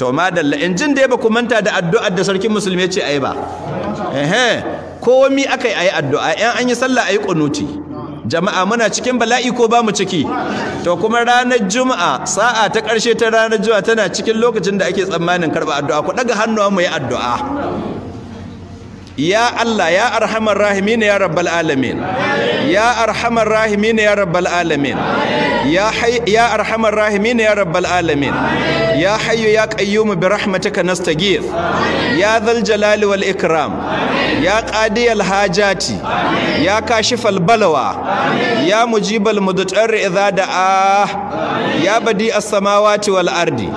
to madalla in jin da ba ku manta da addu'ar da sarkin musulmi ya ce ayi ba ehe komi aka yi ayi addu'a in an yi sallah ayi kunuti jama'a muna cikin bala'i ko ba mu ciki to kuma ranar juma'a sa'a ta ƙarshe ta ranar juma'a tana cikin lokacin da ake tsammanin karba addu'a ku ga hannuwa mu yi addu'a ya Allah ya arhamar ya rabbal alamin ya arhamar ya rabbal alamin ya hay ya arhamar ya rabbal alamin ya hayyu ya bi rahmatika nastaghith ya dhal jalali wal ikram ya qadi al hajati ya kashif al balawa ya mujib al mudtar idha da'a ya badi as samawati wal ardi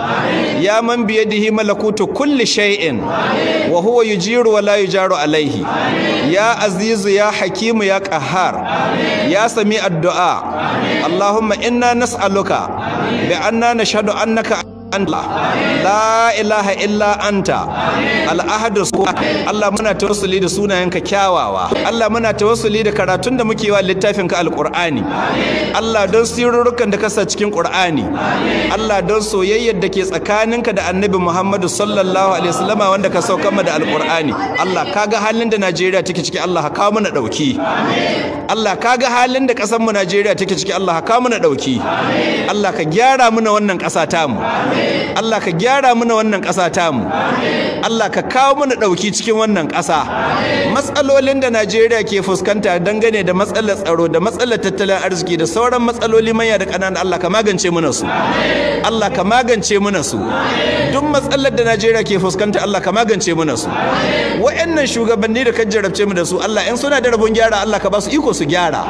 ya man bi yadihi malakutu kulli shay'in wa huwa yujiru wa la yujaru alaihi ya azizu ya hakimu ya ƙahar ya sami addu'a allahumma inna nas'aluka bi anna nashhadu annaka anta la ilaha illa anta al'ahadu Allah muna tawassuli da sunayenka kyawawa Allah muna tawassuli da karatun da muke wa littafin ka alqur'ani Allah don sirrurukan da kasa cikin qur'ani Allah don soyayyar da ke tsakaninka da annabi Muhammadu sallallahu alaihi wasallama wanda ka sauka da alqur'ani Allah kaga halin da Najeriya take ciki Allah ka na dauki Allah kaga halin da kasar mu Najeriya take ciki Allah ka na dauki Allah ka gyara mana wannan kasa tamu Allah ka gyara mana wannan ƙasa tamu Allah ka kawo mana ɗauki cikin wannan ƙasa matsalolin da Najeriya ke fuskanta dangane da matsalar tsaro da matsalar tattalin arziki da sauran matsaloli manya da ƙanana Allah ka magance mana su Allah ka magance mana su duk matsalar da Najeriya ke fuskanta Allah ka magance mana su wa'annan shugabanni da ka jarabce mu da su Allah in suna da rabon gyara Allah ka ba su iko su gyara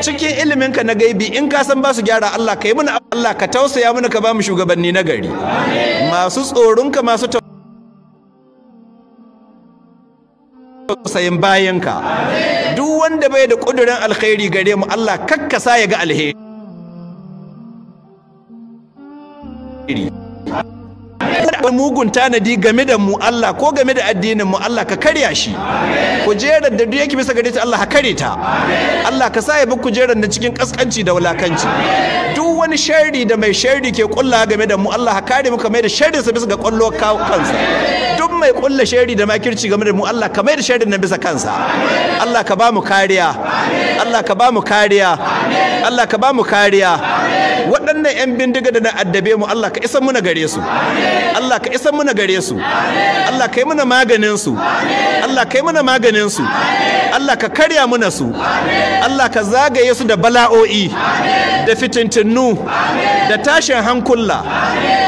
cikin iliminka na gaibi in ka san ba su gyara Allah ka yi mana Allah ka tausaya mana ka ba mu shugabanni na gari nagari masu tsoronka masu tausayin bayanka duk wanda bai da ƙudurin alheri gare mu Allah kakkasa ya ga alheri wani mugun tanadi game da mu Allah ko game da addinin mu Allah ka karya shi kujerar da duk yake bisa gare ta Allah ka kare ta Allah ka sa ya bi kujerar da cikin kaskanci da wulakanci duk wani sharri da mai sharri ke kulla game da mu Allah ka kare mu kamar da sharri sa bisa ga kwallo kansa duk mai kulla sharri da makirci game da mu Allah kamar da sharri na bisa kansa Allah ka ba mu kariya Allah ka ba mu kariya Allah ka ba mu kariya waɗannan 'yan bindiga da na addabe mu Allah ka isan muna gare su Allah ka isan muna gare su Allah ka yi muna maganin su Allah ka yi muna maganin su Allah ka karya muna su Allah ka zagaye su da bala'o'i da fitintinu da tashin hankula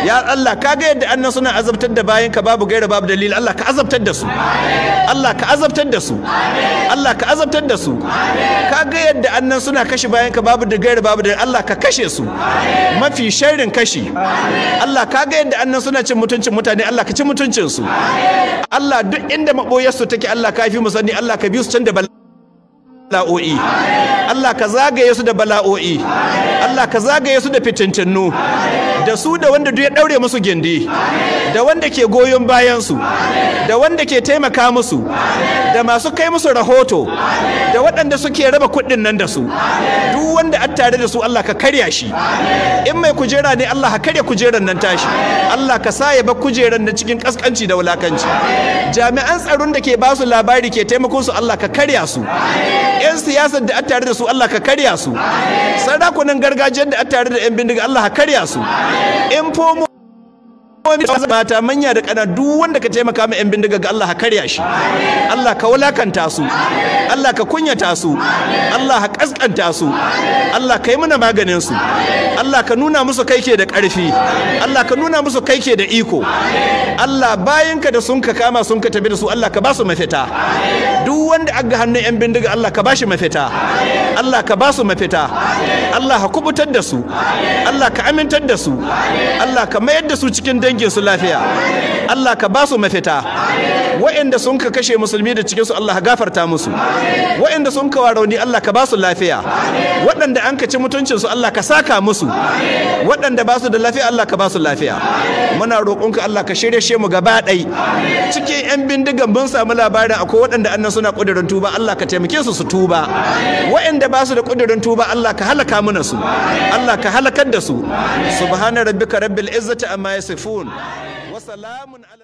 ya Allah ka ga yadda annan suna azabtar da bayan ka babu gaira babu dalili Allah ka azabtar da su Allah ka azabtar da su Allah ka azabtar da su ka ga yadda annan suna kashe bayan ka babu da gaira babu dalil Allah ka kashe su mafi sharrin kashi Allah ka ga yadda annan suna cin mutuncin mutane Allah ka ci mutuncin su Allah duk inda maboyar su take Allah ka fi mu sani Allah ka bi su can da bala'o'i Allah ka zagaye su da bala'o'i Allah ka zagaye su da fitintinu da su da wanda duk ya daure musu gindi da wanda ke goyon bayansu da wanda ke taimaka musu da masu kai musu rahoto da waɗanda suke raba kuɗin nan da su duk wanda an tare da su Allah ka karya shi in mai kujera ne Allah ka karya kujeran nan tashi Allah ka sa ya bar kujeran nan cikin kaskanci da wulakanci jami'an tsaron da ke ba su labari ke taimakon su Allah ka karya su yan siyasar da a tare da su Allah ka karya su sarakunan gargajiyar da a tare da yan bindiga Allah ka karya su in fomo mata manya da kana duk wanda ka taimaka ma yan bindiga ga Allah ka karya shi Allah ka wulakanta su Allah ka kunyata su Allah ka kaskanta su Allah ka yi mana maganin su Allah ka nuna musu kai ke da ƙarfi Allah ka nuna musu kai ke da iko Allah bayan ka da sun ka kama sun ka tafi da su Allah ka ba su mafita duk wanda aga hannun yan bindiga Allah ka ba shi mafita Allah ka ba su mafita Allah ka kubutar da su Allah ka amintar da su Allah ka mayar da su cikin dangin su lafiya Allah ka ba su mafita wa'inda sun ka kashe musulmi da cikinsu Allah ka gafarta musu wa'inda sun kawa rauni Allah ka ba su lafiya waɗanda an kaci mutuncinsu Allah ka saka musu waɗanda ba su da lafiya Allah ka ba su lafiya muna roƙonka Allah ka shirye shemu gaba ɗai cikin 'yan bindigan mun samu labarin akwai waɗanda annan suna ƙudurin tuba Allah ka taimake su su tuba wa'inda ba su da ƙudurin tuba Allah ka halaka mana su Allah ka halakar da su subhana rabbika rabbil izzati amma yasifun وسلام على